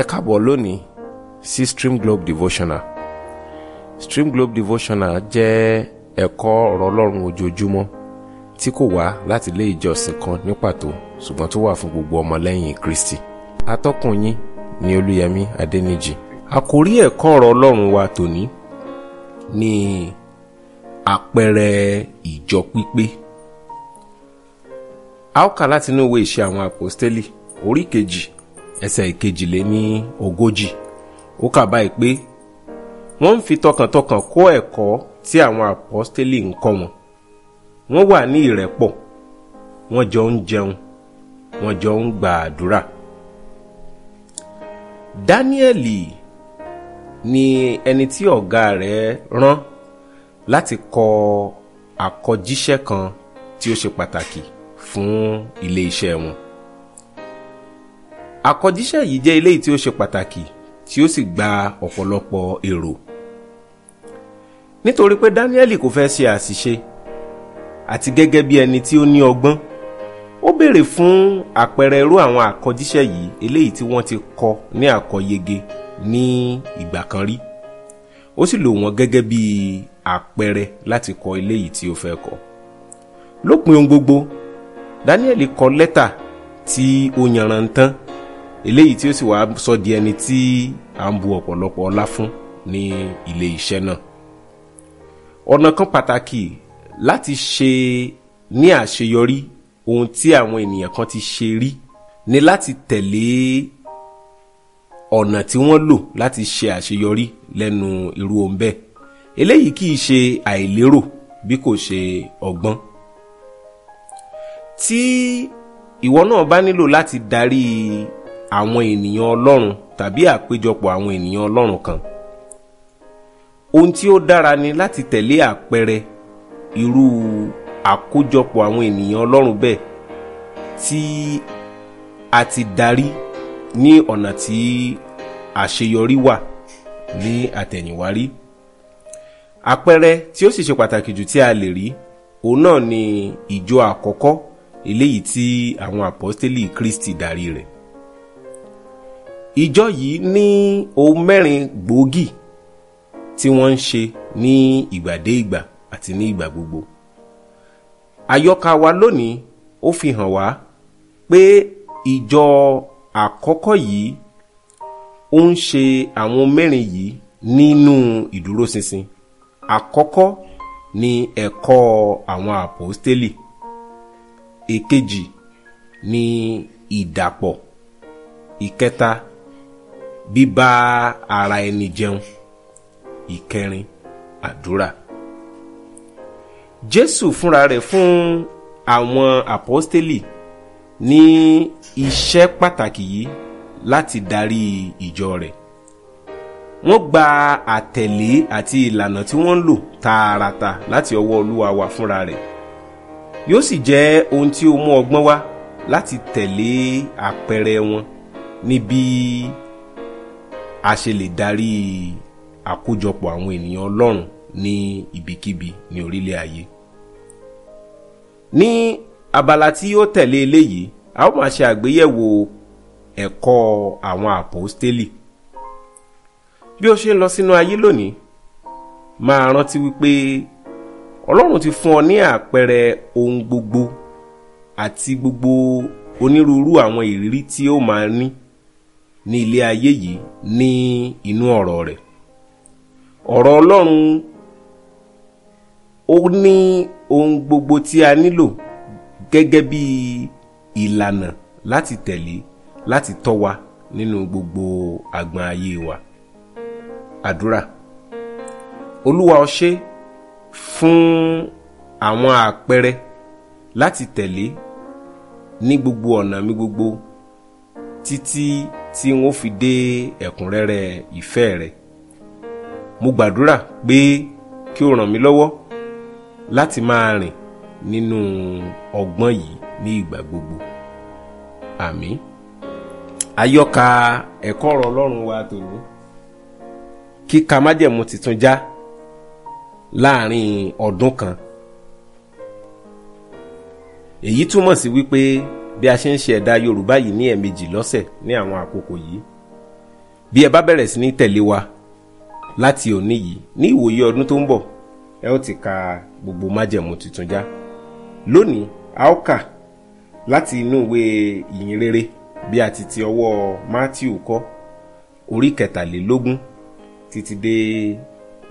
ẹ káàbọ̀ lónìí sí stream globe devotional stream globe devotional jẹ́ ẹ̀kọ́ ọ̀rọ̀ ọlọ́run ojoojúmọ́ tí kò wá láti ilé ìjọsìn kan ní pàtó ṣùgbọ́n tó wà fún gbogbo ọmọlẹ́yìn kristi atọ́kùn yín ni olúyẹmí adẹ́nìjì àkórí ẹ̀kọ́ ọ̀rọ̀ ọlọ́run wa tòní ni àpẹẹrẹ ìjọ pípé a ó kà látinú ìwé ìṣe àwọn àpòstélì orí kejì ẹsẹ̀ ìkejìléní ogójì ó kà báyìí pé wọ́n ń fi tọkàntọkàn kọ́ ẹ̀kọ́ tí àwọn àpọ́stélì ń kọ́ wọn wọ́n wà ní ìrẹ́pọ̀ wọ́n jọ ń jẹun wọ́n jọ ń gba àdúrà. ni ẹni tí ọ̀gá rẹ̀ rán láti kọ àkọjíṣẹ́ kan tí ó ṣe pàtàkì fún ilé iṣẹ́ wọn àkọjíṣẹ́ yìí jẹ́ eléyìí tí ó ṣe pàtàkì tí ó sì gba ọ̀pọ̀lọpọ̀ èrò nítorí pé Dáníẹ́lì kò fẹ́ ṣe àṣìṣe àti gẹ́gẹ́ bí ẹni tí ó ní ọgbọ́n ó béèrè fún àpẹẹrẹ irú àwọn àkọjíṣẹ́ yìí eléyìí tí wọ́n ti kọ ní àkọyege ní ìgbà kan rí ó sì lò wọ́n gẹ́gẹ́ bí àpẹẹrẹ láti kọ eléyìí tí ó fẹ́ kọ lópin ohun gbogbo Dáníẹ́lì kọ lẹ́tà tí ó yanrantán eléyìí tí ó sì wá sọ di ẹni tí à ń bu ọ̀pọ̀lọpọ̀ ọlá fún ní ilé iṣẹ́ náà ọ̀nà kan pàtàkì láti ṣe ní àṣeyọrí ohun tí àwọn ènìyàn kan ti ṣe rí ni láti tẹ̀lé ọ̀nà tí wọ́n lò láti ṣe àṣeyọrí lẹ́nu irú ohun bẹ́ẹ̀ eléyìí kì í ṣe àìlérò bí kò ṣe ọgbọ́n tí ìwọ náà bá nílò láti darí àwọn ènìyàn ọlọ́run tàbí àpéjọpọ̀ àwọn ènìyàn ọlọ́run kan ohun tí ó dára ni láti tẹ̀lé àpẹẹrẹ irú àkójọpọ̀ àwọn ènìyàn ọlọ́run bẹ́ẹ̀ tí a ti darí ní ọ̀nà tí àṣeyọrí wà ní àtẹ̀yìnwá rí àpẹẹrẹ tí ó sì ṣe pàtàkì jù tí a lè rí òun náà ni ìjọ àkọ́kọ́ eléyìí tí àwọn àpọ́stélì Kristi darí rẹ̀ ìjọ yìí ní ohun mẹ́rin gbòógì tí wọ́n ń ṣe ní ìgbàdégbà àti ní ìgbà gbogbo àyọkà wa lónìí ó fi hàn wá pé ìjọ àkọ́kọ́ yìí ó ń ṣe àwọn mẹ́rin yìí nínú ìdúróṣinṣin àkọ́kọ́ ni ẹ̀kọ́ àwọn àpòstélì èkejì ni ìdàpọ̀ ìkẹta bíbá ara ẹni jẹun ìkẹrin àdúrà jésù fúnra rẹ̀ fún àwọn àpọ́stélì ní iṣẹ́ pàtàkì yìí láti darí ìjọ rẹ̀ wọ́n gba àtẹ̀lé àti ìlànà tí wọ́n ń lò tààràtà láti ọwọ́ olúwa wa fúnra rẹ̀ yóò sì jẹ́ ohun tí ó mú ọgbọ́n wá láti tẹ̀lé àpẹẹrẹ wọn níbi a ṣe lè darí àkójọpọ̀ àwọn ènìyàn ọlọ́run ní ibikíbi ní orílẹ̀ ayé. ní abala tí ó tẹ̀lé eléyìí a ó máa ṣe àgbéyẹ̀wò ẹ̀kọ́ àwọn àpòstélì. bí ó ṣe ń lọ sínú ayé lónìí máa rántí wípé ọlọ́run ti fún ọ ní àpẹẹrẹ ohun gbogbo àti gbogbo onírúurú àwọn ìrírí tí ó máa ní ní ilé ayé yìí ní inú ọ̀rọ̀ rẹ̀ ọ̀rọ̀ Ọlọ́run ó ní ohun gbogbo tí a nílò gẹ́gẹ́ bí ìlànà láti tẹ̀lé láti tọ́ wa nínú gbogbo àgbọn ayé wa àdúrà olúwa o fún àwọn àpẹẹrẹ láti tẹ̀lé ní gbogbo ọ̀nà mi gbogbo títí tí wọn fi dé ẹ̀kúnrẹ́rẹ́ ìfẹ́ rẹ̀ mo gbàdúrà pé kí o ràn mí lọ́wọ́ láti máa rìn nínú ọgbọ́n yìí ní ìgbà gbogbo àmín àyọkà ẹ̀kọ́ ọ̀rọ̀ Ọlọ́run wa tòní kíka májẹ̀mú titun já láàrin ọdún kan èyí túmọ̀ sí wípé. Si bí a ṣe ń ṣe ẹ̀dà yorùbá yìí ní ẹ̀ẹ̀mejì lọ́sẹ̀ ní àwọn àkókò yìí bí ẹ bá bẹ̀rẹ̀ sí ní tẹ̀lé wa láti òní yìí ní ìwòye ọdún tó ń bọ̀ ẹ ó ti ka gbogbo májẹ̀mú tuntun já lónìí a ó kà láti inú ìwé ìyìn rere bí a ti ti ọwọ́ Mátíù kọ́ orí kẹtàlélógún títí dé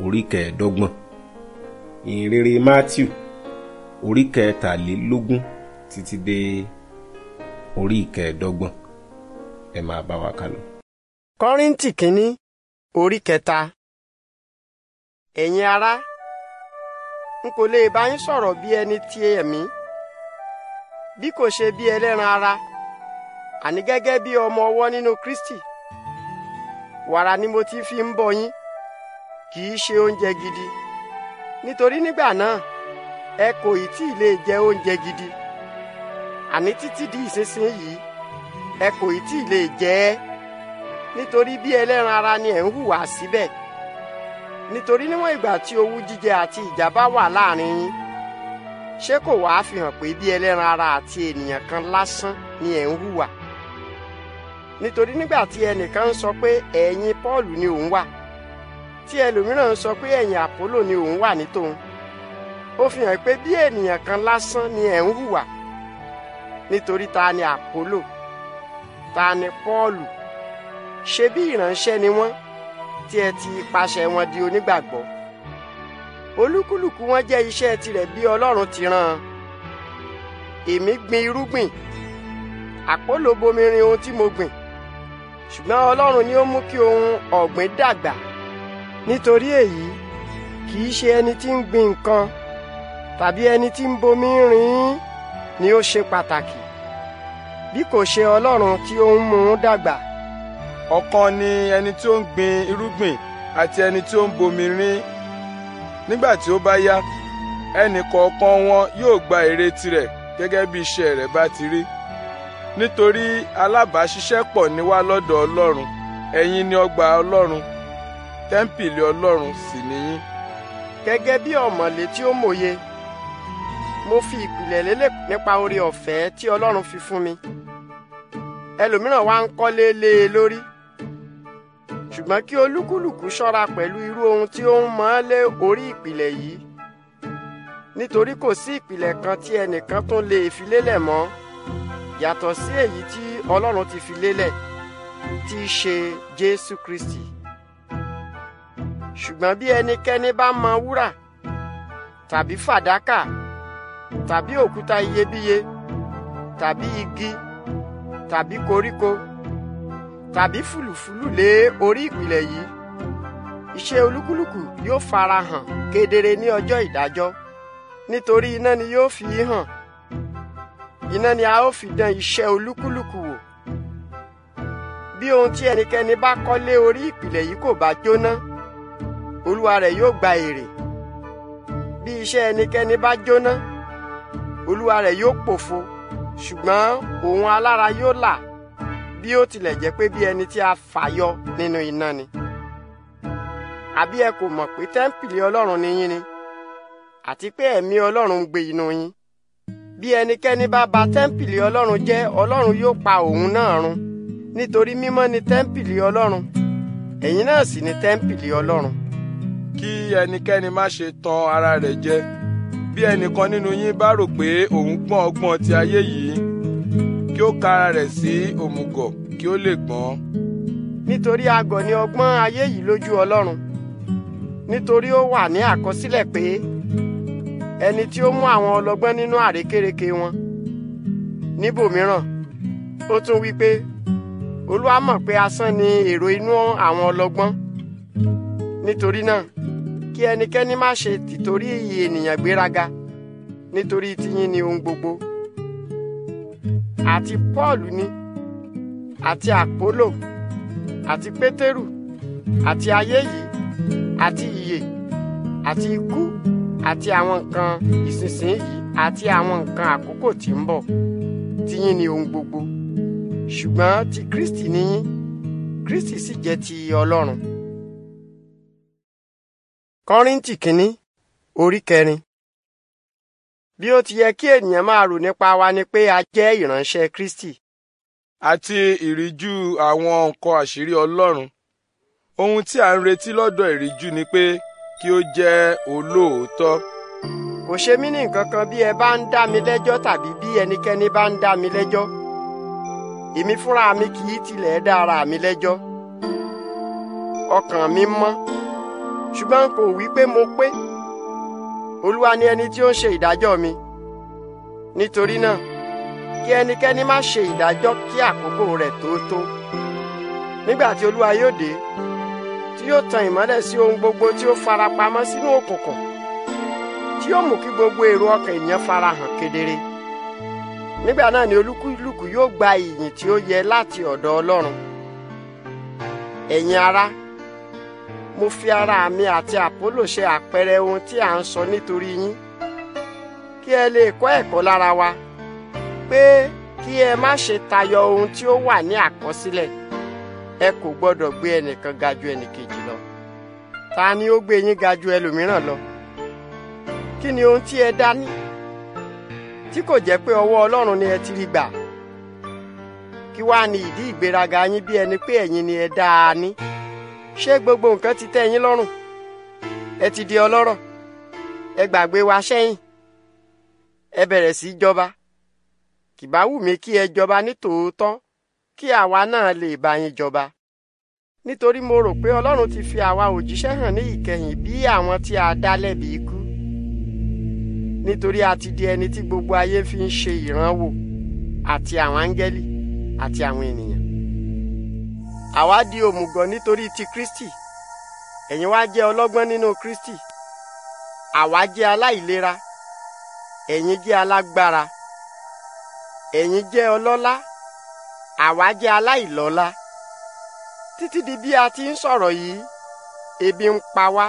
orí kẹẹ̀ẹ́dọ́gbọ̀n ìyìn rere Mátíù orí kẹtàlélógún títí dé orí ìkẹẹ̀ẹ́dọ́gbọ̀n ẹ máa bá wa kálọ. kọ́ríntì kínní orí kẹta ẹ̀yin ará n kò lè bá yín sọ̀rọ̀ bí ẹni tí ẹ̀mí bí kò ṣe bí ẹlẹ́ran ara àní gẹ́gẹ́ bí ọmọ ọwọ́ nínú Kristi wàrà ni mo ti fi ń bọ́ yín kì í ṣe oúnjẹ gidi nítorí nígbà náà ẹ kò ì tí ì lè jẹ oúnjẹ gidi. àní títí di ìsinsìnyí ẹ kò ì tí ì lè jẹ ẹ́ nítorí bí ẹlẹ́ran ara ni ẹ̀ ń hùwà síbẹ̀ nítorí níwọ̀n ìgbà tí owú jíjẹ àti ìjà wà láàrin yín ṣé kò wáá fi hàn pé bí ẹlẹ́ran ara àti ènìyàn kan lásán ni ẹ̀ ń hùwà nítorí nígbà tí ẹnìkan ń sọ pé ẹ̀yìn Paul ni òun wà tí ẹlòmíràn ń sọ pé ẹ̀yìn Apollo ni òun wà ní tòun ó fi hàn pé bí ènìyàn kan lásán ni ẹ̀ ń hùwà nítorí ta ni àpólò ta ni pọ́ọ̀lù ṣe bí ìránṣẹ́ ni wọ́n tí ẹ ti ipasẹ̀ wọn di onígbàgbọ́ olúkúlùkù wọn jẹ́ iṣẹ́ tirẹ̀ bí ọlọ́run ti rán an èmi gbin irúgbìn àpólò bomirin ohun tí mo gbìn ṣùgbọ́n ọlọ́run ni ó mú kí ohun ọ̀gbìn dàgbà nítorí èyí kì í ṣe ẹni tí ń gbin nǹkan tàbí ẹni tí ń bomi rin ín ni ó ṣe pàtàkì bí kò ṣe ọlọ́run tí ó ń mú un dàgbà. ọ̀kan ni ẹni tí ó ń gbin irúgbìn àti ẹni tí ó ń bomi rín nígbà tí ó bá yá ẹnì kọ̀ọ̀kan wọn yóò gba èrè tirẹ̀ gẹ́gẹ́ bí iṣẹ́ rẹ̀ bá ti rí nítorí alábàáṣiṣẹ́pọ̀ ni wá lọ́dọ̀ ọlọ́run ẹ̀yin ni ọgbà ọlọ́run tẹ́ḿpìlì ọlọ́run sì nìyí. gẹ́gẹ́ bí ọ̀mọ̀lé tí ó mòye mo fi ìpìlẹ̀ lélẹ̀ nípa oore ọ̀fẹ́ tí Ọlọ́run fi fún mi ẹlòmíràn wá ń kọ́lé lé e lórí ṣùgbọ́n kí olúkúlùkù ṣọ́ra pẹ̀lú irú ohun tí ó ń mọ lé orí ìpìlẹ̀ yìí nítorí kò sí ìpìlẹ̀ kan tí ẹnìkan tún lè fi lélẹ̀ mọ́ yàtọ̀ sí èyí tí Ọlọ́run ti fi lélẹ̀ tí í ṣe Jésù Kristi ṣùgbọ́n bí ẹnikẹ́ni bá mọ wúrà tàbí fàdákà tàbí òkúta iyebíye tàbí igi tàbí koríko tàbí fùlùfùlù lé orí ìpìlẹ̀ yìí iṣẹ́ olúkúlùkù yóò fara hàn kedere ní ọjọ́ ìdájọ́ nítorí iná ni yóò fi hàn iná ni a ó fi dán iṣẹ́ olúkúlùkù wò bí ohun tí ẹnikẹ́ni bá kọ́ lé orí ìpìlẹ̀ yìí kò bá jóná olúwa rẹ̀ yóò gba èrè bí iṣẹ́ ẹnikẹ́ni bá jóná olúwa rẹ̀ yóò pòfo ṣùgbọ́n òun alára yóò là bí ó tilẹ̀ jẹ́ pé bí ẹni tí a fàyọ nínú iná ni àbí ẹ kò mọ̀ pé tẹ́ḿpìlì ọlọ́run ni yín ni àti pé ẹ̀mí ọlọ́run gbé inú yín bí ẹnikẹ́ni bá ba tẹ́ḿpìlì ọlọ́run jẹ́ ọlọ́run yóò pa òun náà run nítorí mímọ́ ni tẹ́ḿpìlì ọlọ́run ẹ̀yin náà sì ni tẹ́ḿpìlì ọlọ́run. kí ẹnikẹ́ni má ṣe tan ara rẹ̀ jẹ bí ẹnìkan nínú yín bá rò pé òun gbọ́n ọgbọ́n ti ayé yìí kí ó ka ara rẹ̀ sí òmùgọ̀ kí ó lè gbọ́n. nítorí agọ̀ ni ọgbọ́n ayé yìí lójú Ọlọ́run nítorí ó wà ní àkọsílẹ̀ pé ẹni tí ó mú àwọn ọlọ́gbọ́n nínú àrékérekè wọn níbòmíràn ó tún wí pé Olúwa mọ̀ pé asán ni èrò inú àwọn ọlọ́gbọ́n nítorí náà kí ẹnikẹ́ni má ṣe tìtorí iyì ènìyàn gbéraga nítorí tiyín ni ohun gbogbo àti Pọ́ọ̀lù ni àti Àpólò àti Pétérù àti ayé yìí àti ìyè àti ikú àti àwọn nǹkan ìsinsìnyí àti àwọn nǹkan àkókò tí ń bọ̀ tiyín ni ohun gbogbo ṣùgbọ́n ti Kristi niyín Kristi sì jẹ́ ti Ọlọ́run kọ́ríntì kínní orí kẹrin. bí ó ti yẹ kí ènìyàn máa rò nípa wa ni pé a jẹ́ ìránṣẹ́ kristi. àti ìríjú àwọn nǹkan àṣírí ọlọ́run ohun tí a ń retí lọ́dọ̀ ìríjú ni pé kí ó jẹ́ olóòótọ́. kò ṣe mí ní nǹkan kan bí ẹ bá ń dá mi lẹ́jọ́ tàbí bí ẹnikẹ́ni bá ń dá mi lẹ́jọ́ èmi fúnra mi kì í tilẹ̀ dá mi lẹ́jọ́ ọkàn mi mọ́. ṣùgbọ́n kò wí pé mo pé olúwa ni ẹni tí ó ń ṣe ìdájọ́ mi nítorí náà kí ẹnikẹ́ni má ṣe ìdájọ́ kí àkókò rẹ̀ tó tó nígbà tí olúwa yóò dé tí yóò tan ìmọ́lẹ̀ sí ohun gbogbo tí ó farapamọ́ sínú òkùnkùn tí yóò mú kí gbogbo èrò ọkàn fara farahàn kedere nígbà náà ni olúkúlùkù yóò gba ìyìn tí ó yẹ láti ọ̀dọ̀ ọlọ́run ẹ̀yin ara. mo fi ara mi àti àpólò ṣe àpẹẹrẹ ohun tí à ń sọ nítorí yín kí ẹ lè kọ́ ẹ̀kọ́ lára wa pé kí ẹ má ṣe tayọ ohun tí ó wà ní àkọsílẹ̀ ẹ kò gbọ́dọ̀ gbé ẹnìkan ga ju ẹnìkejì lọ ta ni ó gbé yín ga ju ẹlòmíràn lọ kí ni ohun tí ẹ dá ní? tí kò jẹ́ pé ọwọ́ Ọlọ́run ni ẹ ti rí gbà kí wàá ní ìdí ìgbéraga yín bí ẹni pé ẹ̀yin ni ẹ dá a ní. ṣé gbogbo nǹkan ti tẹ́ yín lọ́rùn ẹ ti di ọlọ́rọ̀ ẹ gbàgbé wa sẹ́yìn ẹ bẹ̀rẹ̀ sí í jọba kì bá wù mí kí ẹ jọba nítòótọ́ kí àwa náà lè bá yín jọba nítorí mo rò pé ọlọ́run ti fi àwa òjíṣẹ́ hàn ní ìkẹyìn bí àwọn tí a dá lẹ́bi ikú nítorí a ti di ẹni tí gbogbo ayé fi ń ṣe ìrànwọ́ àti àwọn áńgẹ́lì àti àwọn ènìyàn àwa di òmùgọ̀ nítorí ti Kristi ẹ̀yin wá jẹ́ ọlọ́gbọ́n nínú Kristi àwa jẹ́ aláìlera ẹ̀yin jẹ́ alágbára ẹ̀yin jẹ́ ọlọ́lá àwa jẹ́ aláìlọ́lá títí di bí a ti ń sọ̀rọ̀ yìí ebi ń pa wá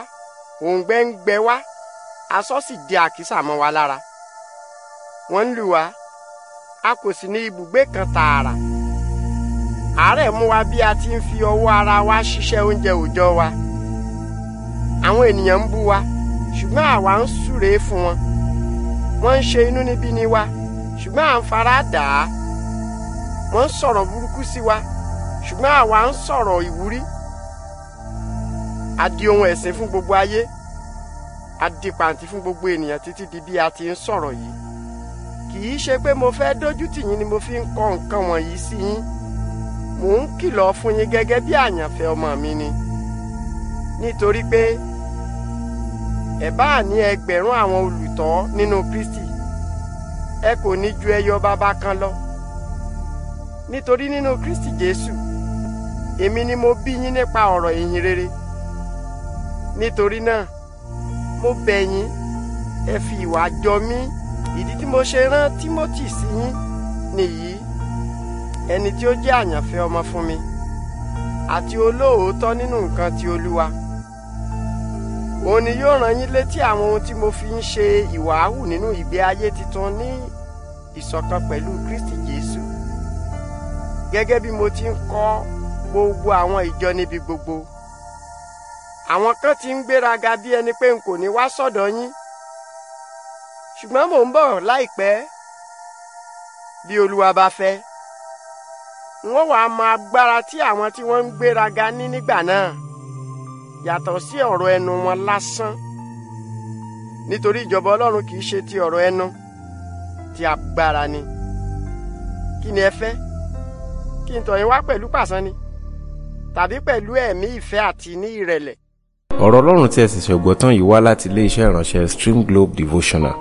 òǹgbẹ ń gbẹ wá aṣọ sì di àkísà mọ́ wa lára wọ́n ń lù wá a kò sì ní ibùgbé kan tààrà àárẹ̀ mú wa bí a ti ń fi ọwọ́ ara wa ṣiṣẹ́ oúnjẹ òòjọ́ wa àwọn ènìyàn ń bú wa ṣùgbọ́n àwa ń súre fún wọn wọ́n ń ṣe inúnibíni wa ṣùgbọ́n à ń fara dà á wọ́n ń sọ̀rọ̀ burúkú sí wa ṣùgbọ́n àwa ń sọ̀rọ̀ ìwúrí a ohun ẹ̀sìn fún gbogbo ayé a pàǹtí fún gbogbo ènìyàn títí di bí a ti ń sọ̀rọ̀ yìí kì í ṣe pé mo fẹ́ dójú tì yín ni mo fi ń kọ nǹkan wọ̀nyí sí yín mò ń kìlọ̀ fún yín gẹ́gẹ́ bí àyànfẹ́ ọmọ mi ni nítorí pé ẹ bá ní ẹgbẹ̀rún àwọn olùtọ́ nínú Kristi ẹ kò ní ju ẹyọ bàbá kan lọ nítorí nínú Kristi Jésù èmi ni mo bí yín nípa ọ̀rọ̀ ìyìn rere nítorí náà mo bẹ̀ yín ẹ fi ìwà jọ mí ìdí tí mo ṣe rán Timothy sí yín nìyí ẹni tí ó jẹ́ àyànfẹ́ ọmọ fún mi àti olóòótọ́ nínú nǹkan ti olúwa òun ni yóò rán yín létí àwọn ohun tí mo fi ń ṣe ìwàhù nínú ìgbé ayé titun ní ìṣọ̀kan pẹ̀lú kristi jésù gẹ́gẹ́ bí mo ti ń kọ́ gbogbo àwọn ìjọ níbi gbogbo àwọn kan ti ń gbéraga bí ẹni pé n kò ní wá sọ́dọ̀ yín ṣùgbọ́n mò ń bọ̀ láìpẹ́ bí olúwa bá fẹ́ wọ́n wàá mọ agbára tí àwọn tí wọ́n ń gbéraga ní nígbà náà yàtọ̀ sí ọ̀rọ̀ ẹnu wọn lásán nítorí ìjọba ọlọ́run kì í ṣe ti ọ̀rọ̀ ẹnu ti agbára ni kí ni ẹ fẹ́ kí n tọ̀ yín wá pẹ̀lú pàṣán ni tàbí pẹ̀lú ẹ̀mí ìfẹ́ àti ní ìrẹ̀lẹ̀. ọ̀rọ̀ ọlọ́run tí ẹ sì ṣẹ̀gbọ́tán yìí wá láti iléeṣẹ́ ìránṣẹ́ Stream Globe Devotional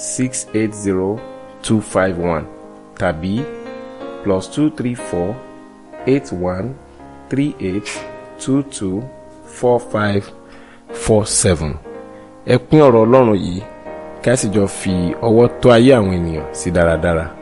six eight zero two five one tàbí plus two three four eight one three eight two two four five four seven. ẹ pín ọ̀rọ̀ ọlọ́run yìí ká sì jọ fi ọwọ́ tó ayé àwọn ènìyàn sí dáradára.